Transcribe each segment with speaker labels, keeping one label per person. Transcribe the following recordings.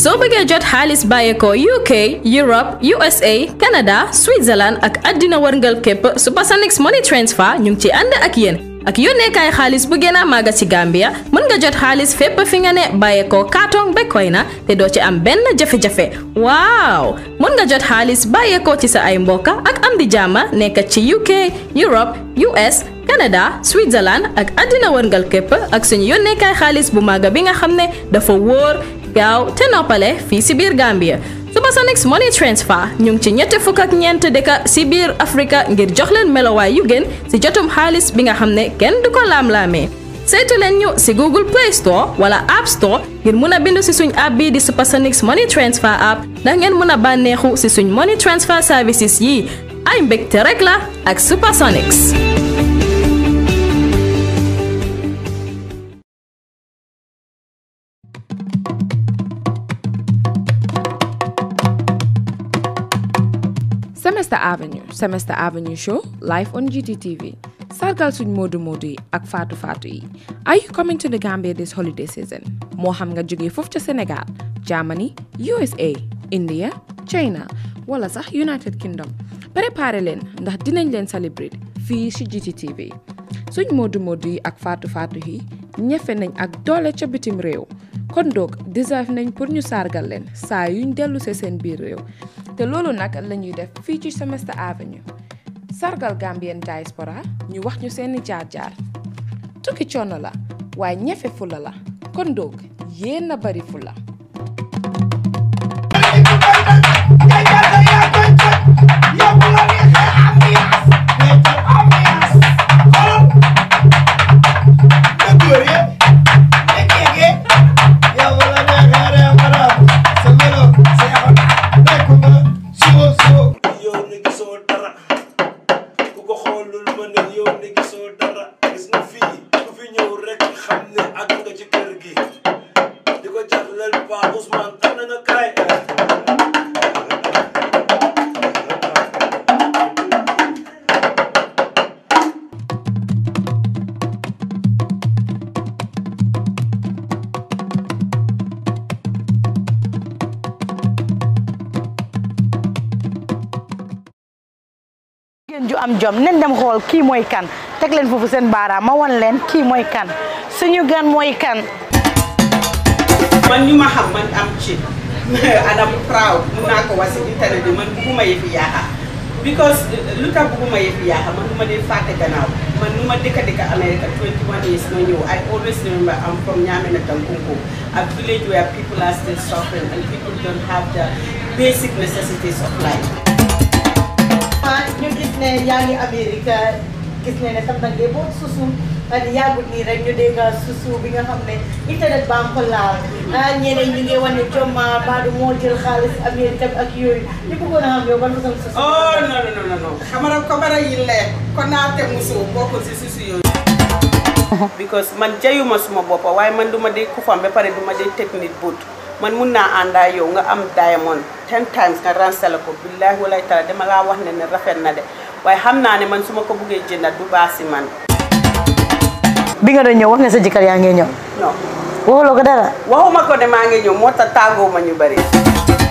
Speaker 1: soo bëggee
Speaker 2: jot xaalis bàyyeekoo UK Europe USA Canada Switzerland ak àddina wërngal képp Supersonix Money Transfer ñu ngi ci ànd ak yéen ak yónneekaay xaalis bu gën a màgg ci Gambia mën nga jot xaalis fépp fi nga ne bàyyeekoo kaatong ba na te doo ci am benn jafe-jafe waaw mën nga jot xaalis bàyyeekoo ci sa ay mbokka ak am di jàmma nekk ci UK Europe US Canada Switzerland ak àddina wërngal képp ak suñu yónneekaay xaalis bu màgg bi nga xam ne dafa wóor gaaw te noppale fii si biir Gambia Supersonix Money Transfer ñu ngi ci ñetti fukk ak ñeent de si biir Afrika ngir jox leen melowaay yu gën si jotum xaalis bi nga xam ne kenn du ko laam-laamee saytu leen ñu si Google Play Store wala App Store ngir mun a bindu si suñ app bii di Supersonix Money Transfer app ndax ngeen mun a bànneexu si suñ money transfer services yi ay mbégte rek la ak Supersonix. Semester Avenue Semester Avenue show live on GTTV sargal suñ moodu moodu yi ak faatu faatu yi are you coming to the Gambia this holiday season moo xam nga jógee foofu ca Sénégal Germany USA India China wala sax United Kingdom préparé leen ndax dinañ leen celebrate fii ci GTTV suñ moodu moodu yi ak faatu faatu yi ñefe nañ ak doole ca bitim réew kon donc deserve nañ pour ñu sargal leen saa yuñ dellu see seen biir réew te loolu nag lañuy def fii ci Semester Avenue sargal Gambien diaspora ñu wax ñu seeni jaar-jaar tukki coono la waaye ñefe fula la kon doog yéen bari fula
Speaker 1: Cuiabá, na
Speaker 2: ju am jom nen dem xol ki moy kan tek len fofu sen bara ma wan len ki moy kan suñu gan moy kan man ñu ma xam man am ci and I'm proud mun naa ko wax si internet bi man bugguma yëfi yaaxa because lu tax bugguma yëfi yaaxa man nu ma dee fàtte gannaaw man nu ma dëkka dëkka America 21 years ma ñëw I always remember I'm from Nyame Nyamena Dankunko a village where people are still suffering and people don't have the basic necessities of life ah, ñu gis ne yaa ngi America gis ne ne tam nag dee boo susu di yàggut rek ñu dégg bi nga xam ne internet ah, a xam ko bara oh, yi leer because man jayuma suma bopp waaye man du ma dee kufam ba pare du ma dee technique but man mun naa àndaa yow nga am diamond ten times nga la ko billaahi walaay taala dama laa wax ne ne rafet na de waaye xam naa ne man su ma ko buggee jënda du baa si man Binga nga do ñew wax yang sa No. yaangi ñew non waxuloo wo dara waxuma ko de maa ngi mo ta tax ma nyu bari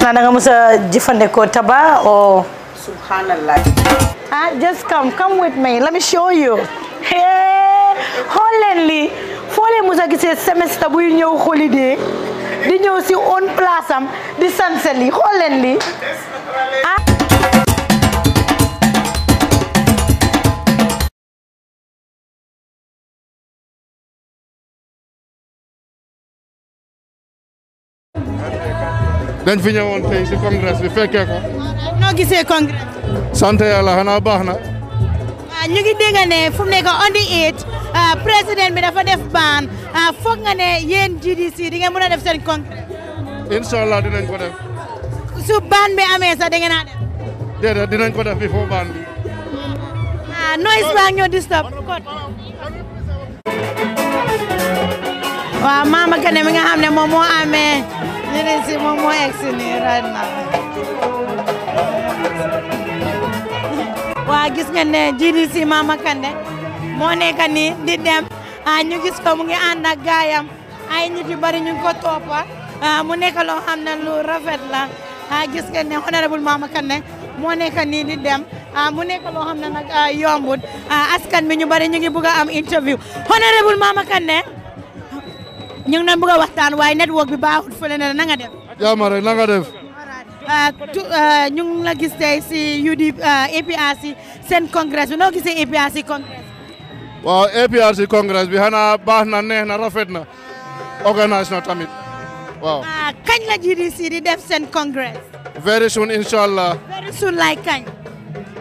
Speaker 2: na nga musa jifande ko taba o subhanallah ah just come come with me let me show you Hey, Hollandly, lii musa musa mos a gisee buy holiday di ñëw si on place am di sanseli Hollandly. ah
Speaker 1: dañ fi ñëwoon tey si congrès bi fekkee ko. noo gisee congrès. sant yàlla xanaa baax na.
Speaker 2: ñu ngi dégg ne fu mu nekk on the eight ah, président bi dafa def baan ah, foog nga ne yéen GDC di ngeen mën a def seen congrès. incha allah dinañ ko def. su baan bi amee sax da ngeen a
Speaker 1: def. dinañ ko def bi foo baan bi.
Speaker 2: ah noise baa ñoo disturb. waaw Mama Kane mi nga xam ne moom moo amee. ñeneen si moom moo egg si nii right waa gis ngeen ne GDC Mama Kandeh moo nekk ni di dem ñu gis ko mu ngi ànd ak gaayam ay nit yu bari ñu ngi ko toppa mu nekk loo xam ne lu rafet la gis ngeen ne honorable Mama Kandeh moo nekk nii di dem mu nekk loo xam ne nag yombut askan bi ñu bari ñu ngi bëgg am interview honorable Mama Kandeh ñu ngi doon bëgg a waxtaan waaye network bi baaxul fële ne la na nga def. jaama rek na nga def. Euh, euh, ñu la gis tey si UDP euh, APRC seen congrès bi noo gisee APRC
Speaker 1: congrès. bi xanaa baax na neex na rafet na organisation na tamit waaw.
Speaker 2: Ah, kañ la GDC di def seen congrès.
Speaker 1: very soon very
Speaker 2: soon like kañ.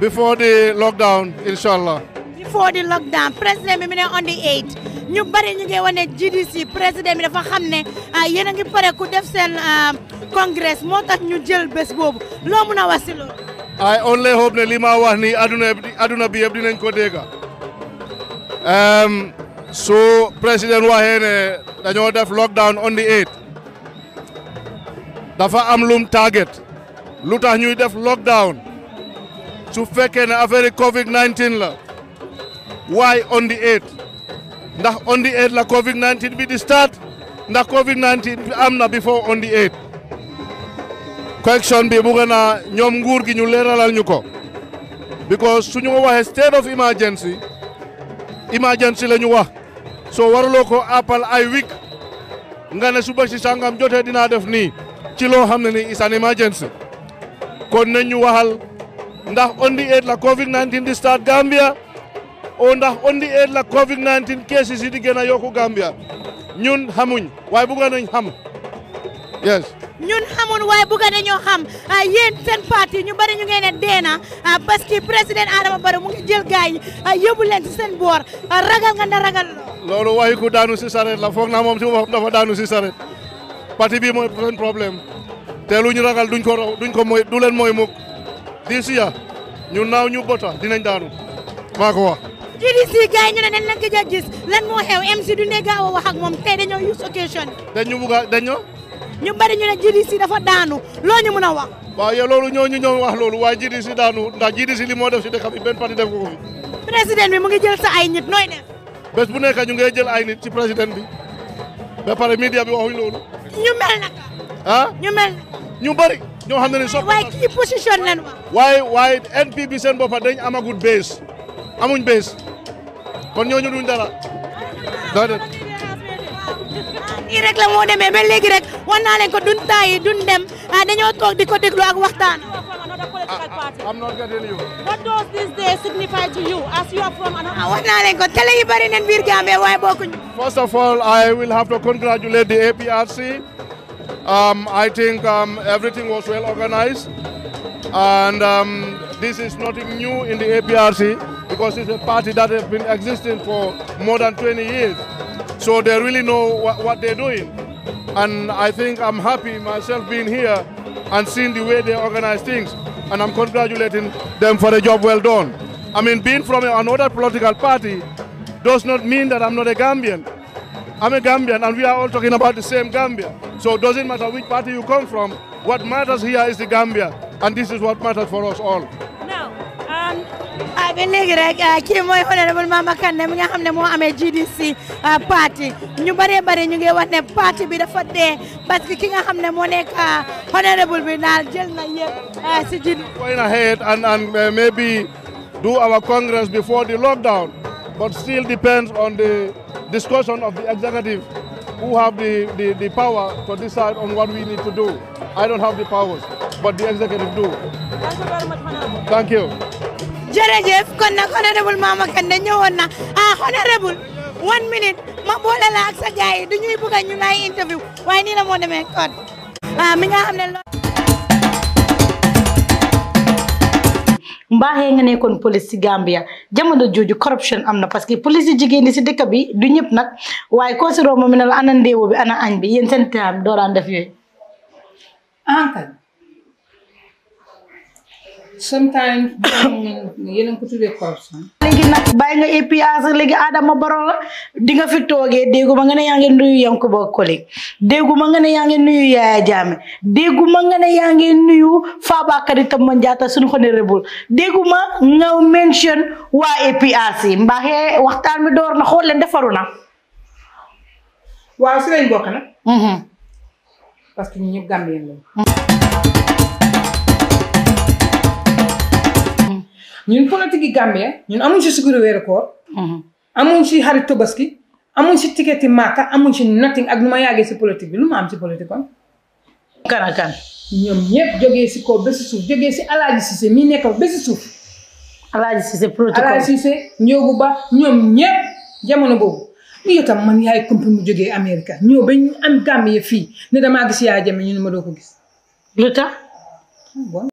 Speaker 1: before the lockdown incha allah.
Speaker 2: before the lockdown ne on the 8. ñu bari ñu ngi wone GDC président bi dafa xam ah, yeena ngi pare ku def sen ah, congrès moo tax ñu jël bobu lo mëna lo ay
Speaker 1: on I only hope ne li ma wax ni aduna aduna bi yeb dinañ ko dégg so président waxee né dañu def lockdown on the 8 dafa am lum target lu tax ñuy def lockdown su fekkee ne affaire Covid 19 la why on the 8. ndax on the la Covid 19 bi di start ndax Covid 19 bi am na before on the 8 correction bi bëgg ñoom nguur gi ñu leeralal ñu ko because su ñu waxee state of emergency emergency la ñu wax soo waruloo ko appal ay week nga ne suba si sangam jotee dinaa def nii ci loo xam ne ni is an emergency kon nañ ñu waxal ndax on the la Covid 19 di start Gambia. o ndax on la covid 19 cases di gën a yokku Gambia ñun xamuñ waaye bugga nañ xam yes
Speaker 2: ñun xamun waaye bugga nañoo xam ah, yéen seen parti ñu bari ñu ngeen ne dee na ah, parce que président Adama Barrow mu jël gaay yi ah, yóbbu si seen boor ragal nga nda
Speaker 1: loolu waxi ku daanu si sareet la foog na moom si boppam dafa daanu si sareet parti bi mooy seen te lu ñu ragal duñ ko duñ ko mooy du leen mooy mukk di siya ñu naaw ñu bota dinañ daanu maa ko
Speaker 2: GDC gars ne nañ la gëj a gis lan moo xew MC a wax ak moom tey dañoo use occasion. dañu bugg a dañoo. ñu bari ñu ne GDC dafa daanu loo ñu mën wax. waaw yow
Speaker 1: loolu ñoo ñu ñëw wax loolu waaye GDC daanu ndax GDC li moo def si dëkk bi benn parti def ko ko fi. mu ngi jël sa ay nit nooy bu nekk ñu nga jël ay nit ci président bi ba pare media bi waxuñ loolu. ñu mel naka. ah ñu mel. ñu bari ñoo xam ne ni. waaye kii position leen wa. waaye waaye NP bi seen bopp dañ amagut base. amuñ bés kon ñooñu duñ dara déedéet.
Speaker 2: nii moo demee ba léegi duñ taay duñ dem ah, dañoo toog di ko déglu ak waxtaan. Ah, ah, I'm not getting you. What does this
Speaker 1: First of all, I will have to congratulate the APRC. Um, I think um, everything was well organized. And um, this is nothing new in the APRC. because it's a party that has been existing for more than 20 years. So they really know what, what they're doing. And I think I'm happy myself being here and seeing the way they organize things. And I'm congratulating them for a job well done. I mean, being from another political party does not mean that I'm not a Gambian. I'm a Gambian and we are all talking about the same Gambia. So it doesn't matter which party you come from, what matters here is the Gambia. And this is what matters for us all.
Speaker 2: ah bi léegi rek ah, kii honorable Mama Kandeh mi nga xam ne moo amee GDC ah, parti ñu bëree bëri ñu ngi ne parti bi dafa dee parce ki nga xam ne moo nekk ah, honorable bi naal jël na yëpp si GDC. going ahead
Speaker 1: and and uh, maybe do our congress before the lockdown but still depends on the discussion of the executive who have the, the, to decide on what we need to do. I don't have the powers, but the executive do. Thank you.
Speaker 2: jërëjëf kon nag honorable Mama Kandeh ñëwoon na ah honorable one minute ma boole la ak sa du ñuy bëgg a ñu lay interview waaye nii la moo demee kon ah nga ne loolu. nekkoon police si Gambia jamono jooju corruption am na parce que police yi jigéen ñi si dëkk bi du ñëpp nag waaye koo si romb mi ne ana ndéewo bi ana añ bi yéen seen dooraan def yooyu. Ah, sometimes a ko tuddee léegi nag bàyyi nga APRC léegi Adama Barrow la di nga fi toogee dégguma nga ne yaa ngi nuyu Yankuba Colley dégguma nga ne yaa ngi nuyu Yaya Jammeh dégguma nga ne yaa ngi nuyu Faba Karita Manjata suñu honorable dégguma nga mention waa APRC mbaaxee waxtaan mi door na xool leen defaru na waaw si lañ mhm. que ñu ñëpp Gambien ñun politique yi Gambie ñun amuñ si suguru weeru koor. Mhm. amuñ si xarit tobaski amuñ si ticket yi Màkka amuñ si nothing ak nu ma yàggee si politique bi lu ma am si politique kon. kan ñoom ñëpp jógee si kaw ba si si Alaaji Cissé suuf. Alaaji Cissé protocole Alaaji Cissé Ba ñoom ñëpp jamono boobu. yow tam man yaay compagnie mu jógee Amérique ñëw ba ñu am Gambie fii ne damaa gis yaa jame ñu ne ma doo ko gis. lu tax. Ah,